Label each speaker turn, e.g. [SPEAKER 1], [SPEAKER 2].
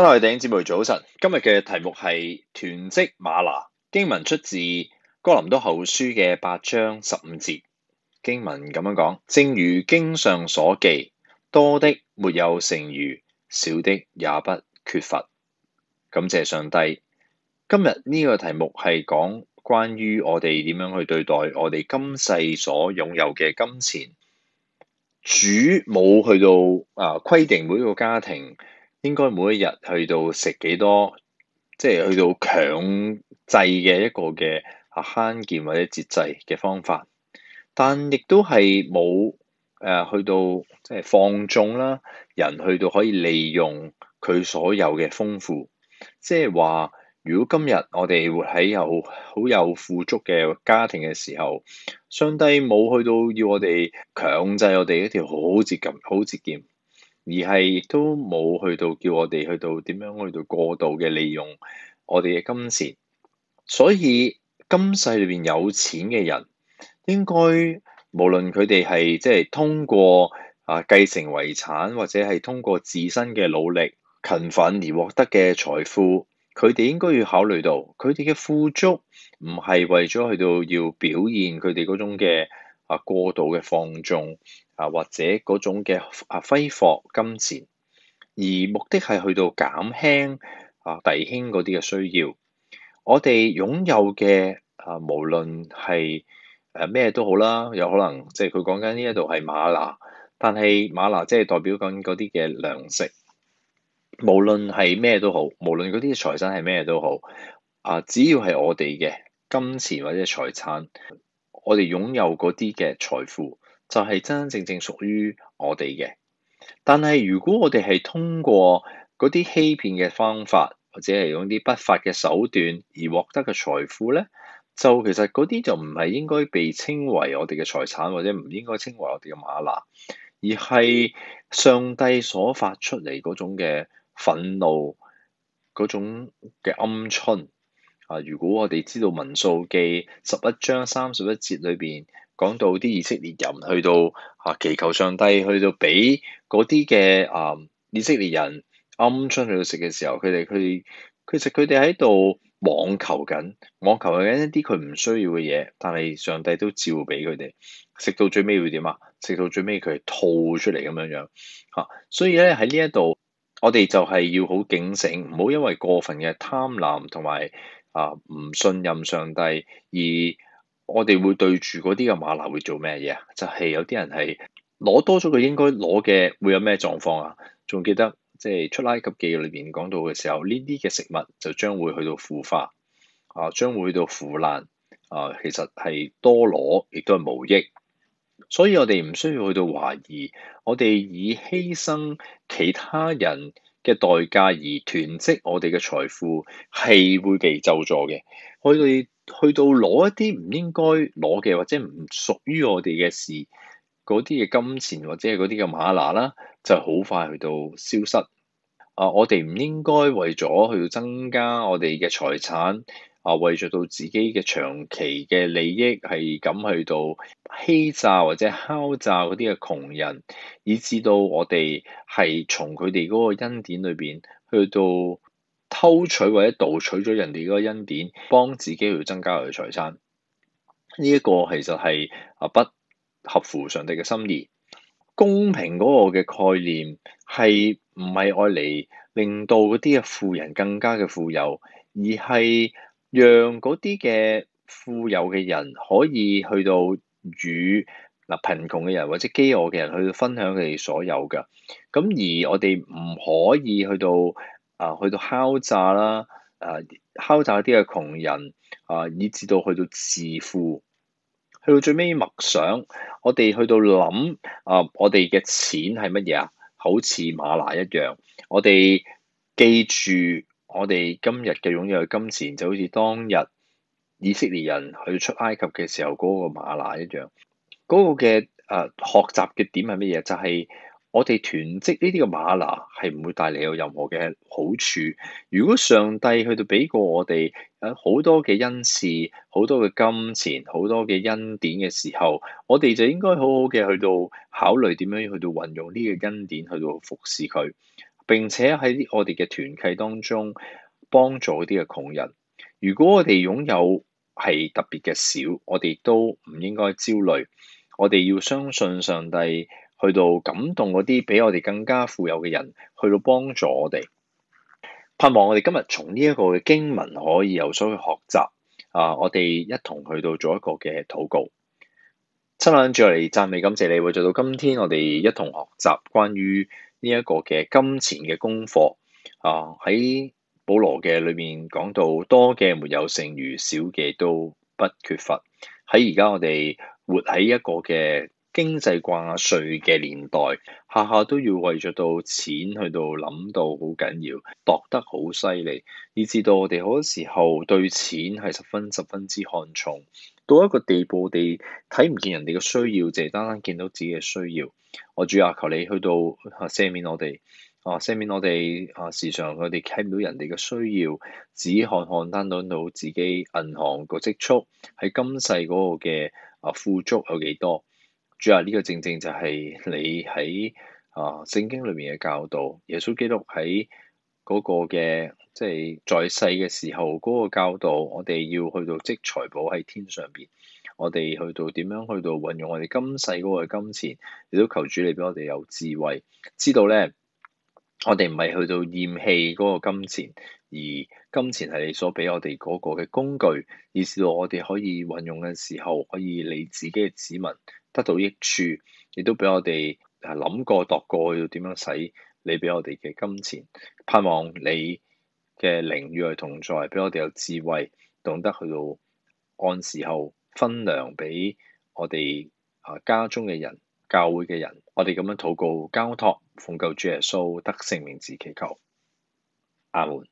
[SPEAKER 1] Hello, 早晨。今日嘅題目係囤積嗎哪，經文出自哥林多後書嘅八章十五節。經文咁樣講：正如經上所記，多的沒有剩餘，少的也不缺乏。感謝上帝。今日呢個題目係講關於我哋點樣去對待我哋今世所擁有嘅金錢。主冇去到啊，規定每一個家庭。應該每一日去到食幾多，即係去到強制嘅一個嘅慳儉或者節制嘅方法，但亦都係冇誒去到即係放縱啦。人去到可以利用佢所有嘅豐富，即係話，如果今日我哋喺有好有富足嘅家庭嘅時候，上帝冇去到要我哋強制我哋一條好節儉、好節儉。而係都冇去到叫我哋去到點樣去到過度嘅利用我哋嘅金錢，所以今世裏邊有錢嘅人，應該無論佢哋係即係通過啊繼承遺產，或者係通過自身嘅努力勤奮而獲得嘅財富，佢哋應該要考慮到，佢哋嘅富足唔係為咗去到要表現佢哋嗰種嘅啊過度嘅放縱。啊，或者嗰種嘅啊揮霍金錢，而目的係去到減輕啊弟兄嗰啲嘅需要。我哋擁有嘅啊，無論係誒咩都好啦，有可能即係佢講緊呢一度係嗎哪，但係嗎哪即係代表緊嗰啲嘅糧食。無論係咩都好，無論嗰啲財產係咩都好，啊，只要係我哋嘅金錢或者財產，我哋擁有嗰啲嘅財富，就係真真正正屬於我哋嘅。但係如果我哋係通過嗰啲欺騙嘅方法，或者係用啲不法嘅手段而獲得嘅財富咧，就其實嗰啲就唔係應該被稱為我哋嘅財產，或者唔應該稱為我哋嘅嗎哪，而係上帝所發出嚟嗰種嘅憤怒，嗰種嘅鵪鶉。啊，如果我哋知道民數記十一章三十一節裏邊。講到啲以色列人去到啊，祈求上帝去到俾嗰啲嘅啊，以色列人鵪鶉去到食嘅時候，佢哋佢哋，其實佢哋喺度妄求緊，妄求緊一啲佢唔需要嘅嘢，但係上帝都照俾佢哋食，到最尾會點啊？食到最尾佢係吐出嚟咁樣樣嚇，啊，所以咧喺呢一度，我哋就係要好警醒，唔好因為過分嘅貪婪同埋啊唔信任上帝而。我哋會對住嗰啲嘅嗎哪會做咩嘢，就是，啊？就係有啲人係攞多咗佢應該攞嘅，會有咩狀況啊？仲記得即係出埃及記裏邊講到嘅時候，呢啲嘅食物就將會去到腐化啊，將會去到腐爛啊。其實係多攞亦都係無益，所以我哋唔需要去到懷疑，我哋以犧牲其他人嘅代價而囤積我哋嘅財富係會被咒詛嘅，我哋。去到攞一啲唔應該攞嘅或者唔屬於我哋嘅事，嗰啲嘅金錢或者係嗰啲嘅嗎哪啦，就好快去到消失。啊，我哋唔應該為咗去增加我哋嘅財產，啊，為咗到自己嘅長期嘅利益係咁去到欺詐或者敲詐嗰啲嘅窮人，以至到我哋係從佢哋嗰個恩典裏邊去到。偷取或者盜取咗人哋嗰個恩典，幫自己去增加佢財產，呢一個其實係啊不合乎上帝嘅心意。公平嗰個嘅概念係唔係愛嚟令到嗰啲嘅富人更加嘅富有，而係讓嗰啲嘅富有嘅人可以去到與嗱貧窮嘅人或者飢餓嘅人去分享佢哋所有嘅。咁而我哋唔可以去到。啊，去到敲詐啦，誒、啊，敲詐啲嘅窮人，啊，以至到去到致富，去到最尾默想，我哋去到諗，啊，我哋嘅錢係乜嘢啊？好似嗎哪一樣，我哋記住我哋今日嘅擁有嘅金錢，就好似當日以色列人去出埃及嘅時候嗰個嗎哪一樣，嗰、那個嘅誒、啊、學習嘅點係乜嘢？就係、是。我哋囤積呢啲嘅嗎哪係唔會帶嚟有任何嘅好處。如果上帝去到俾過我哋有好多嘅恩賜、好多嘅金錢、好多嘅恩典嘅時候，我哋就應該好好嘅去到考慮點樣去到運用呢個恩典去到服侍佢，並且喺我哋嘅團契當中幫助啲嘅窮人。如果我哋擁有係特別嘅少，我哋都唔應該焦慮。我哋要相信上帝。去到感動嗰啲比我哋更加富有嘅人，去到幫助我哋，盼望我哋今日從呢一個嘅經文可以有所學習。啊，我哋一同去到做一個嘅禱告，親眼住嚟讚美感謝你。會做到今天，我哋一同學習關於呢一個嘅金錢嘅功課。啊，喺保羅嘅裏面講到多嘅沒有剩餘，少嘅都不缺乏。喺而家我哋活喺一個嘅經濟掛帥嘅年代，下下都要為著到錢去到諗到好緊要，度得好犀利，以至到我哋好多時候對錢係十分十分之看重，到一個地步我哋睇唔見人哋嘅需要，淨係單單見到自己嘅需要。我主要要求你去到下赦免我哋，啊赦免我哋啊，時常我哋睇唔到人哋嘅需要，只看看單到到自己銀行個積蓄喺今世嗰個嘅啊富足有幾多。主啊，呢個正正就係你喺啊聖經裏面嘅教導。耶穌基督喺嗰個嘅即係在世嘅時候嗰個教導，我哋要去到積財寶喺天上邊。我哋去到點樣去到運用我哋今世嗰個金錢，亦都求主你俾我哋有智慧，知道咧，我哋唔係去到厭棄嗰個金錢，而金錢係你所俾我哋嗰個嘅工具，以至到我哋可以運用嘅時候，可以你自己嘅指紋，得到益處，亦都畀我哋諗過、度過，要點樣使你畀我哋嘅金錢？盼望你嘅靈與同在，畀我哋有智慧，懂得去到按時候分糧畀我哋啊家中嘅人、教會嘅人。我哋咁樣禱告、交託、奉救主耶穌得聖名字祈求。阿門。